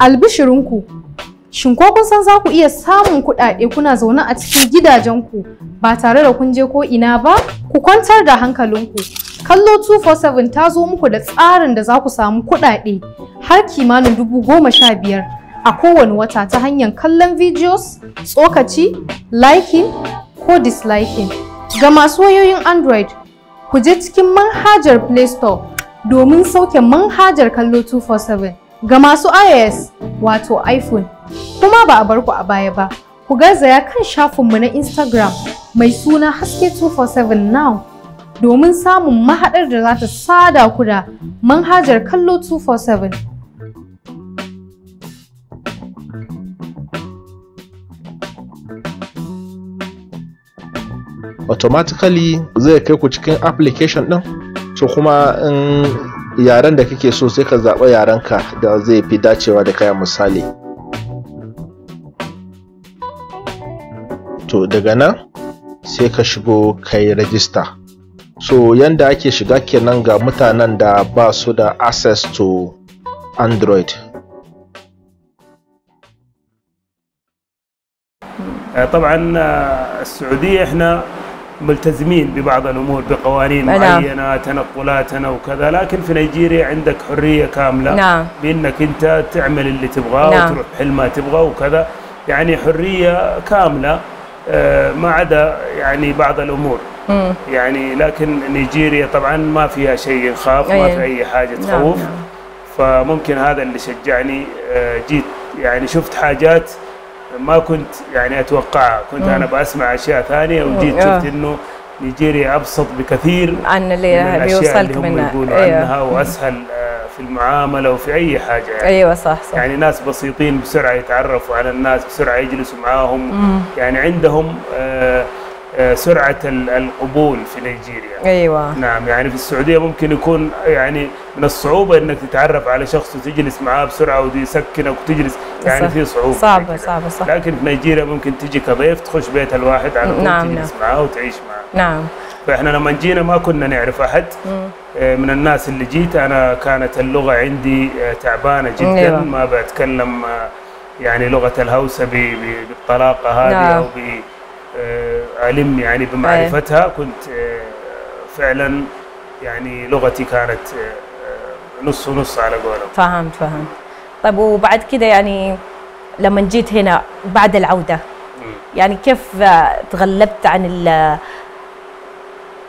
Albishirinku, shin ko kun san za ku iya samun kuɗaɗe kuna zaune a cikin gidajenku ba tare da kun je ko ina ba? Ku kwantar da hankalinku. Kallo 247 ta zo muku da tsarin da za ku samu kuɗaɗe har kimanin dubu goma sha biyar a kowane wata ta hanyar kallon videos, tsokaci, liking ko disliking. Ga masu wayoyin Android, ku je cikin manhajar Play Store domin sauke manhajar kallo 247. ga masu iOS wato iPhone. Kuma ba a bar ku a baya ba, ku garzaya kan shafinmu na Instagram mai suna haske247 now domin samun mahaɗar da za ta sada ku da manhajar kallo 247. automatically zai kai ku cikin application ɗin so kuma in yaren da kake so sai ka zaɓa yarenka da zai fi dacewa da kaya misali to daga nan sai ka shigo kai rajista so yanda ake shiga kenan ga mutanen da ba su da access to android طبعا السعوديه احنا ملتزمين ببعض الامور بقوانين نعم. معينه تنقلاتنا وكذا لكن في نيجيريا عندك حريه كامله نعم. بانك انت تعمل اللي تبغاه نعم. وتروح حل ما تبغاه وكذا يعني حريه كامله آه، ما عدا يعني بعض الامور مم. يعني لكن نيجيريا طبعا ما فيها شيء يخاف ما في اي حاجه نعم، تخوف نعم. فممكن هذا اللي شجعني آه، جيت يعني شفت حاجات ما كنت يعني اتوقعها كنت مم. آه. انا بسمع اشياء ثانيه وجيت آه. شفت انه نيجيريا ابسط بكثير عن اللي من اللي منها. يقولوا أيوة. عنها واسهل آه، في المعامله وفي اي حاجه يعني ايوه صح صح يعني ناس بسيطين بسرعه يتعرفوا على الناس بسرعه يجلسوا معاهم مم. يعني عندهم آه آه، سرعه القبول في نيجيريا ايوه نعم يعني في السعوديه ممكن يكون يعني من الصعوبه انك تتعرف على شخص وتجلس معاه بسرعه ويسكنك وتجلس يعني في صعوبه صعبه صعبه صح لكن في نيجيريا ممكن تجي كضيف تخش بيت الواحد على طول نعم تجلس نعم. معاه وتعيش معاه نعم فاحنا لما جينا ما كنا نعرف احد آه، من الناس اللي جيت انا كانت اللغه عندي آه، تعبانه جدا مم. أيوة. ما بتكلم يعني لغه الهوسه بالطلاقه هذه نعم. او آه، علم يعني طيب. بمعرفتها كنت آه، فعلا يعني لغتي كانت آه، نص ونص على قولهم فهمت فهمت طيب وبعد كده يعني لما جيت هنا بعد العوده يعني كيف تغلبت عن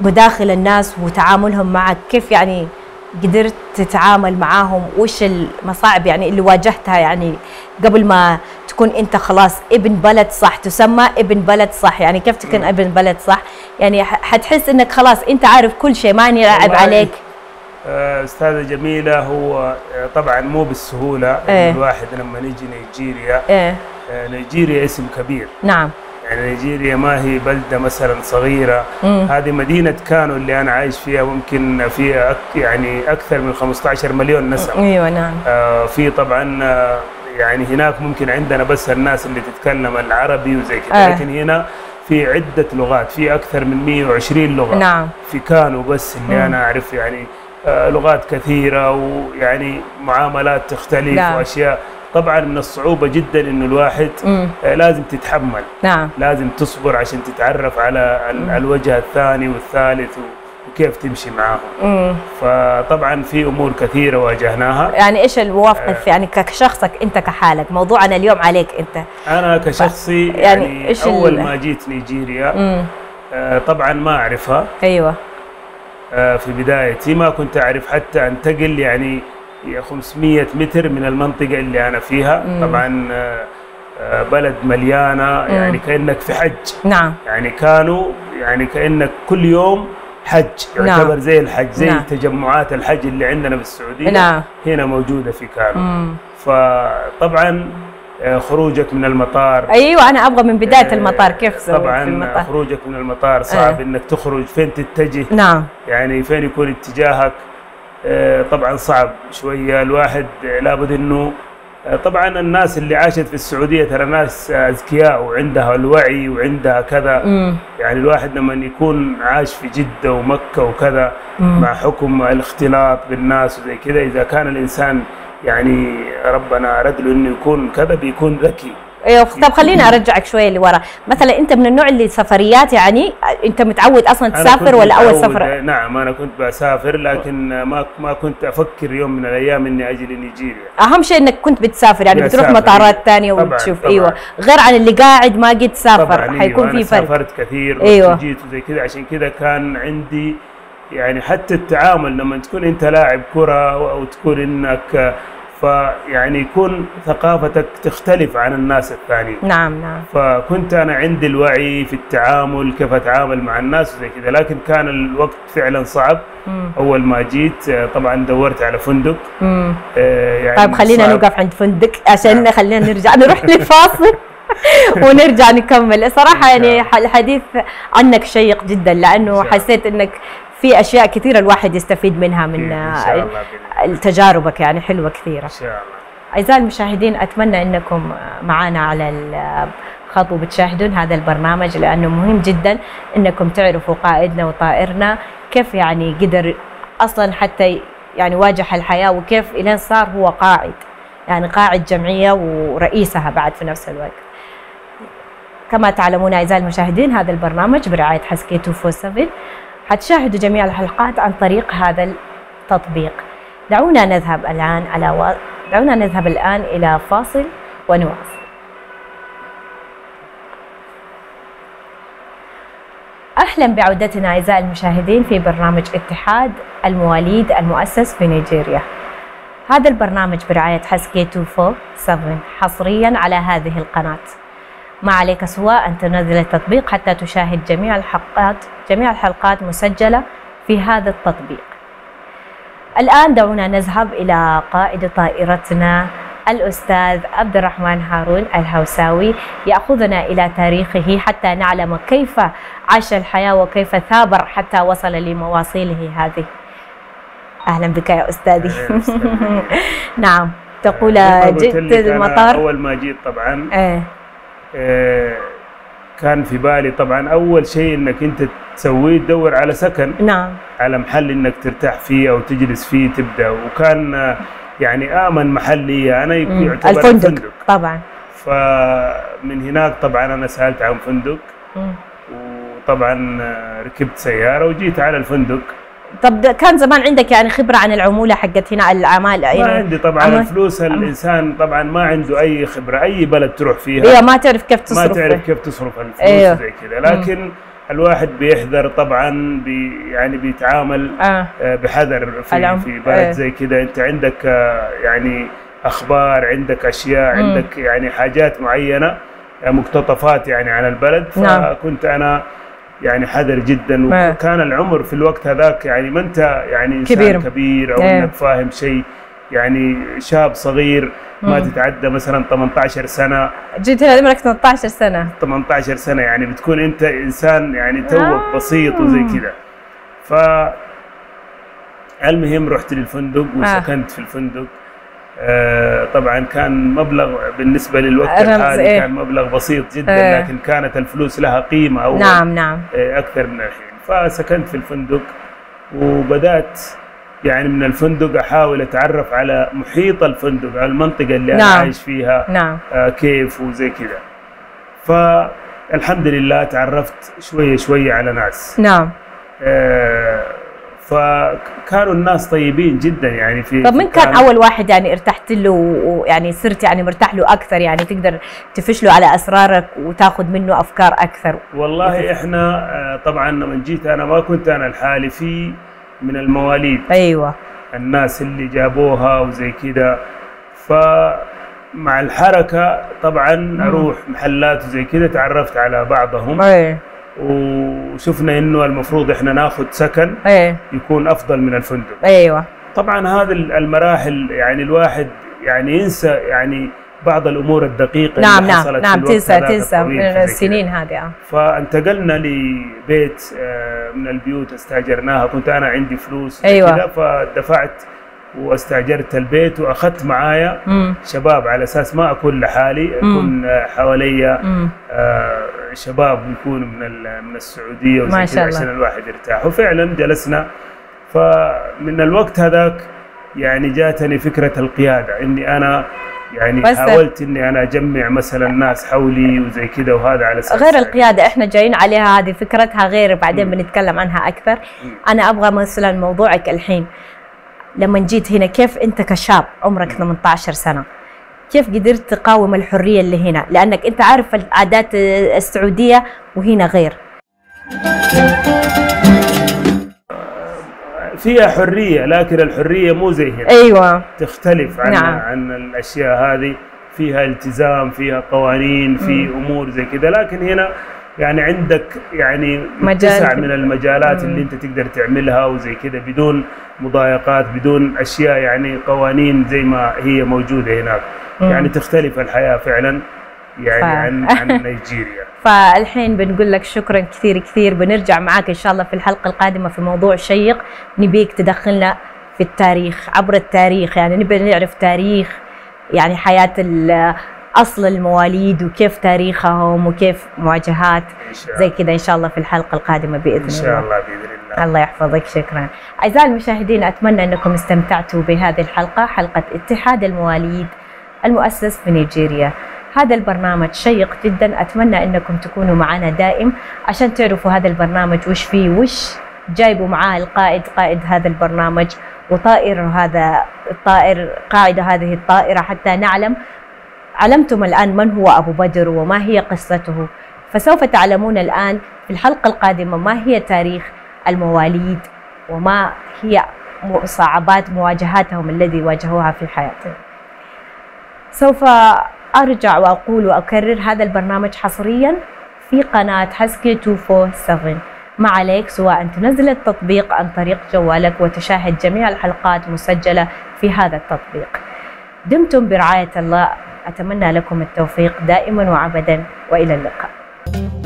مداخل الناس وتعاملهم معك كيف يعني قدرت تتعامل معاهم وش المصاعب يعني اللي واجهتها يعني قبل ما تكون انت خلاص ابن بلد صح تسمى ابن بلد صح يعني كيف تكون م. ابن بلد صح يعني حتحس انك خلاص انت عارف كل شيء ما يلعب عليك آه، استاذه جميله هو آه، طبعا مو بالسهوله ايه. الواحد لما نيجي نيجيريا ايه. آه، نيجيريا اسم كبير نعم يعني نيجيريا ما هي بلدة مثلا صغيرة مم. هذه مدينة كانو اللي أنا عايش فيها ممكن فيها أك يعني أكثر من 15 مليون نسمة أيوة نعم آه في طبعا يعني هناك ممكن عندنا بس الناس اللي تتكلم العربي وزي كذا آه. لكن هنا في عدة لغات في أكثر من 120 لغة نعم في كانوا بس اللي مم. أنا أعرف يعني آه لغات كثيرة ويعني معاملات تختلف نعم. وأشياء طبعا من الصعوبة جدا انه الواحد آه، مم. آه لازم تتحمل نعم لازم تصبر عشان تتعرف على الوجه الثاني والثالث و... وكيف تمشي معاهم فطبعا في امور كثيره واجهناها يعني ايش الموافقه آه يعني كشخصك انت كحالك موضوعنا اليوم عليك انت انا كشخصي يعني, يعني إيش اول ما جيت نيجيريا آه طبعا ما اعرفها ايوه آه في بدايتي ما كنت اعرف حتى انتقل يعني 500 متر من المنطقه اللي انا فيها مم. طبعا آه, آه، بلد مليانه يعني مم. كانك في حج نعم يعني كانوا يعني كانك كل يوم حج نعم. يعتبر نعم. زي الحج زي نعم. تجمعات الحج اللي عندنا في السعوديه نعم. هنا موجوده في كانو فطبعا آه، خروجك من المطار ايوه انا ابغى من بدايه آه، المطار كيف سويت طبعا في المطار. خروجك من المطار صعب آه. انك تخرج فين تتجه نعم يعني فين يكون اتجاهك طبعا صعب شويه الواحد لابد انه طبعا الناس اللي عاشت في السعوديه ترى ناس اذكياء وعندها الوعي وعندها كذا مم. يعني الواحد لما يكون عاش في جده ومكه وكذا مم. مع حكم الاختلاط بالناس وزي كذا اذا كان الانسان يعني ربنا اراد له انه يكون كذا بيكون ذكي ايوه طب خليني ارجعك شويه لورا مثلا انت من النوع اللي سفريات يعني انت متعود اصلا تسافر ولا اول سفره إيه، نعم انا كنت بسافر لكن ما ما كنت افكر يوم من الايام اني اجي لنيجيريا اهم شيء انك كنت بتسافر يعني بتروح مطارات ثانيه وبتشوف طبعًا ايوه غير عن اللي قاعد ما قد سافر أيوة، حيكون في فرق سافرت كثير ايوه وجيت وزي كذا عشان كذا كان عندي يعني حتى التعامل لما تكون انت لاعب كره او تكون انك فيعني يكون ثقافتك تختلف عن الناس الثانيين نعم نعم فكنت انا عندي الوعي في التعامل كيف اتعامل مع الناس وزي كذا لكن كان الوقت فعلا صعب مم. اول ما جيت آه، طبعا دورت على فندق آه يعني طيب خلينا صعب. نوقف عند فندق عشان نعم. خلينا نرجع نروح للفاصل ونرجع نكمل صراحة يعني نعم. الحديث عنك شيق جدا لأنه حسيت أنك في اشياء كثيره الواحد يستفيد منها من تجاربك يعني حلوه كثيره ان شاء الله اعزائي المشاهدين اتمنى انكم معنا على الخط وبتشاهدون هذا البرنامج لانه مهم جدا انكم تعرفوا قائدنا وطائرنا كيف يعني قدر اصلا حتى يعني واجه الحياه وكيف الين صار هو قائد يعني قاعد جمعيه ورئيسها بعد في نفس الوقت. كما تعلمون اعزائي المشاهدين هذا البرنامج برعايه حسكيتو فور حتشاهدوا جميع الحلقات عن طريق هذا التطبيق دعونا نذهب الآن على و... دعونا نذهب الآن إلى فاصل ونواصل أهلا بعودتنا أعزائي المشاهدين في برنامج اتحاد المواليد المؤسس في نيجيريا هذا البرنامج برعاية حسكي 247 حصريا على هذه القناة ما عليك سوى أن تنزل التطبيق حتى تشاهد جميع الحلقات جميع الحلقات مسجلة في هذا التطبيق الآن دعونا نذهب إلى قائد طائرتنا الأستاذ عبد الرحمن هارون الهوساوي يأخذنا إلى تاريخه حتى نعلم كيف عاش الحياة وكيف ثابر حتى وصل لمواصيله هذه أهلا بك يا أستاذي نعم تقول جئت المطار أول ما جيت طبعا إيه. آه، كان في بالي طبعا اول شيء انك انت تسويه تدور على سكن نعم على محل انك ترتاح فيه او تجلس فيه تبدا وكان آه، يعني امن محلي يعني انا يعتبر الفندق. الفندق طبعا فمن هناك طبعا انا سالت عن فندق مم. وطبعا آه، ركبت سياره وجيت على الفندق طب كان زمان عندك يعني خبره عن العموله حقت هنا الاعمال ما يعني عندي طبعا الفلوس الانسان طبعا ما عنده اي خبره اي بلد تروح فيها ايوه ما تعرف كيف تصرف ما تعرف كيف تصرف الفلوس أيوه. زي كذا لكن مم. الواحد بيحذر طبعا بي يعني بيتعامل آه. آه، بحذر في العم. في بلد أيوه. زي كذا انت عندك آه، يعني اخبار عندك اشياء مم. عندك يعني حاجات معينه مقتطفات يعني عن البلد نعم. فكنت انا يعني حذر جدا وكان العمر في الوقت هذاك يعني ما انت يعني انسان كبير, كبير او إيه. انك فاهم شيء يعني شاب صغير ما مم. تتعدى مثلا 18 سنة جيت هنا عمرك 18 سنة 18 سنة يعني بتكون انت انسان يعني توك آه. بسيط وزي كذا ف المهم رحت للفندق آه. وسكنت آه. في الفندق آه، طبعا كان مبلغ بالنسبة للوقت الحالي إيه. كان مبلغ بسيط جدا إيه. لكن كانت الفلوس لها قيمة أو نعم نعم آه، أكثر من الحين فسكنت في الفندق وبدأت يعني من الفندق احاول اتعرف على محيط الفندق على المنطقه اللي نعم. انا عايش فيها نعم. آه، كيف وزي كذا فالحمد لله تعرفت شويه شويه على ناس نعم آه فكانوا الناس طيبين جدا يعني في طب من كان اول واحد يعني ارتحت له ويعني صرت يعني مرتاح له اكثر يعني تقدر تفش له على اسرارك وتاخذ منه افكار اكثر والله احنا آه، طبعا لما جيت انا ما كنت انا لحالي في من المواليد ايوه الناس اللي جابوها وزي كده ف مع الحركه طبعا اروح محلات وزي كده تعرفت على بعضهم أيه. وشفنا انه المفروض احنا ناخذ سكن أيه. يكون افضل من الفندق ايوه طبعا هذه المراحل يعني الواحد يعني ينسى يعني بعض الامور الدقيقه نعم اللي حصلت نعم نعم, نعم، تنسى تنسى من السنين هذه آه. فانتقلنا لبيت آه، من البيوت استاجرناها كنت انا عندي فلوس ايوه فدفعت واستاجرت البيت واخذت معايا شباب على اساس ما اكون لحالي اكون حواليا شباب يكونوا من من السعوديه ما شاء الله عشان الواحد يرتاح وفعلا جلسنا فمن الوقت هذاك يعني جاتني فكره القياده اني انا يعني بس حاولت اني انا اجمع مثلا ناس حولي وزي كذا وهذا على اساس غير يعني القياده احنا جايين عليها هذه فكرتها غير بعدين م. بنتكلم عنها اكثر م. انا ابغى مثلا موضوعك الحين لما جيت هنا كيف انت كشاب عمرك م. 18 سنه كيف قدرت تقاوم الحريه اللي هنا لانك انت عارف العادات السعوديه وهنا غير فيها حريه لكن الحريه مو زي هنا ايوه تختلف عن نعم. عن الاشياء هذه فيها التزام فيها قوانين في امور زي كذا لكن هنا يعني عندك يعني مجال تسع من المجالات مم. اللي انت تقدر تعملها وزي كذا بدون مضايقات بدون اشياء يعني قوانين زي ما هي موجوده هناك يعني تختلف الحياه فعلا يعني ف... عن عن نيجيريا فالحين بنقول لك شكرا كثير كثير بنرجع معاك ان شاء الله في الحلقه القادمه في موضوع شيق نبيك تدخلنا في التاريخ عبر التاريخ يعني نبي نعرف تاريخ يعني حياه اصل المواليد وكيف تاريخهم وكيف مواجهات زي كذا ان شاء الله في الحلقه القادمه باذن الله ان شاء الله باذن الله الله يحفظك شكرا اعزائي المشاهدين اتمنى انكم استمتعتوا بهذه الحلقه حلقه اتحاد المواليد المؤسس في نيجيريا هذا البرنامج شيق جدا أتمنى أنكم تكونوا معنا دائم عشان تعرفوا هذا البرنامج وش فيه وش جايبوا معاه القائد قائد هذا البرنامج وطائر هذا الطائر قاعدة هذه الطائرة حتى نعلم علمتم الآن من هو أبو بدر وما هي قصته فسوف تعلمون الآن في الحلقة القادمة ما هي تاريخ المواليد وما هي صعبات مواجهاتهم الذي واجهوها في حياتهم سوف أرجع وأقول وأكرر هذا البرنامج حصريا في قناة حسكي 247 ما عليك سواء أن تنزل التطبيق عن طريق جوالك وتشاهد جميع الحلقات مسجلة في هذا التطبيق دمتم برعاية الله أتمنى لكم التوفيق دائما وأبدا وإلى اللقاء thank you